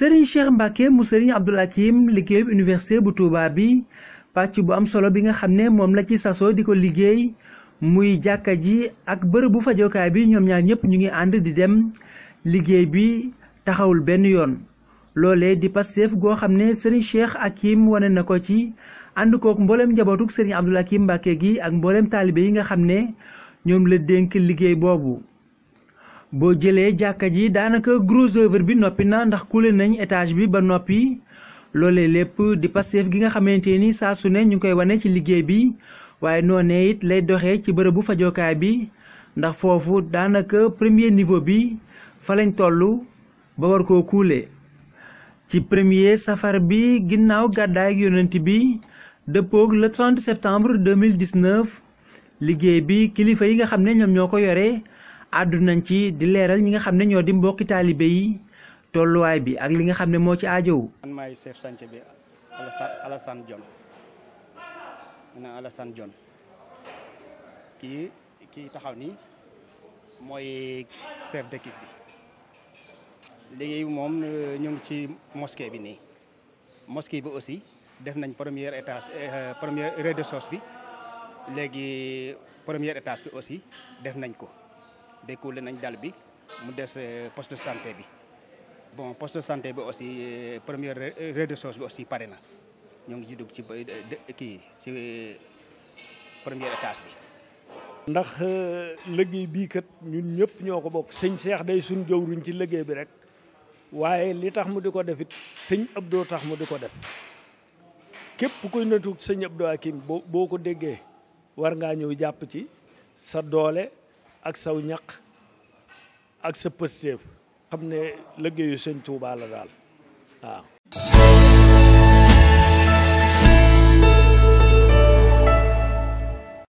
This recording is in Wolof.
sëriñ Cheikh Mbacke mu sëriñ Abdoul Hakim liggéeyub université bu Touba bi pàcc bu am solo bi nga xam ne moom la ci sasoo di ko liggéey muy jàkka ji ak bërëb bu fajokaay bi ñoom ñaar ñëpp ñu ngi ànd di dem liggéey bi taxawul benn yoon loolee di Pastef goo xam ne sëriñ Cheikh Hakim wane na ko ci ànd kook mbooleem njabootuk sëriñ Abdoul Hakim Mbacke gi ak mbooleem taalibe yi nga xam ne ñoom la dénk liggéey boobu boo jëlee jàkka ji daanaka gros bi noppi na ndax kule nañu étage bi ba noppi loolee lépp di Pastef gi nga xamante ni saa su ne ñu koy wane ci liggéey bi waaye noonee it lay doxe ci bërëbu fajookaay bi ndax foofu daanaka premier niveau bi fa lañ toll ba war koo kuule ci premier safar bi ginnaaw gàddaay ak yonent bi dëppoog le 30 septembre 2019 liggéey bi kilifa yi nga xam ne ñoom ñoo ko yore àddunañ ci di leeral ñi nga xam ne ñoo di mbokki taalibe yi tolluwaay bi ak li nga xam ne moo ci aajowu. man maay chef chantier bi Alassane Dione man Alassane Dione kii kii taxaw nii mooy chef d'équipe bi. léegi moom euh, ñu ngi ci mosquée bi nii mosquée bi aussi def nañ première étage euh, première rez-de-chaussée bi léegi première étage bi aussi def nañ ko découlé nañ dal bi mu des euh, poste de santé bi bon poste de santé bi aussi euh, première redescence bi aussi pare na ñoo ngi ci dugg ci euh, kii ci première étage bi. ndax liggéey bii kat ñun ñëpp ñoo ko bokk sëñ Seex day suñ jëwriñ ci liggéey bi rek waaye li tax mu di ko def it sëñ doo tax mu di ko def képp kuy nattu sëñ Abdou Hakim boo boo ko déggee war ngaa ñëw jàpp ci sa doole. ak saw ñaq ak sa pëstéef xam ne liggéeyu sëñ Tuubaa la daal waaw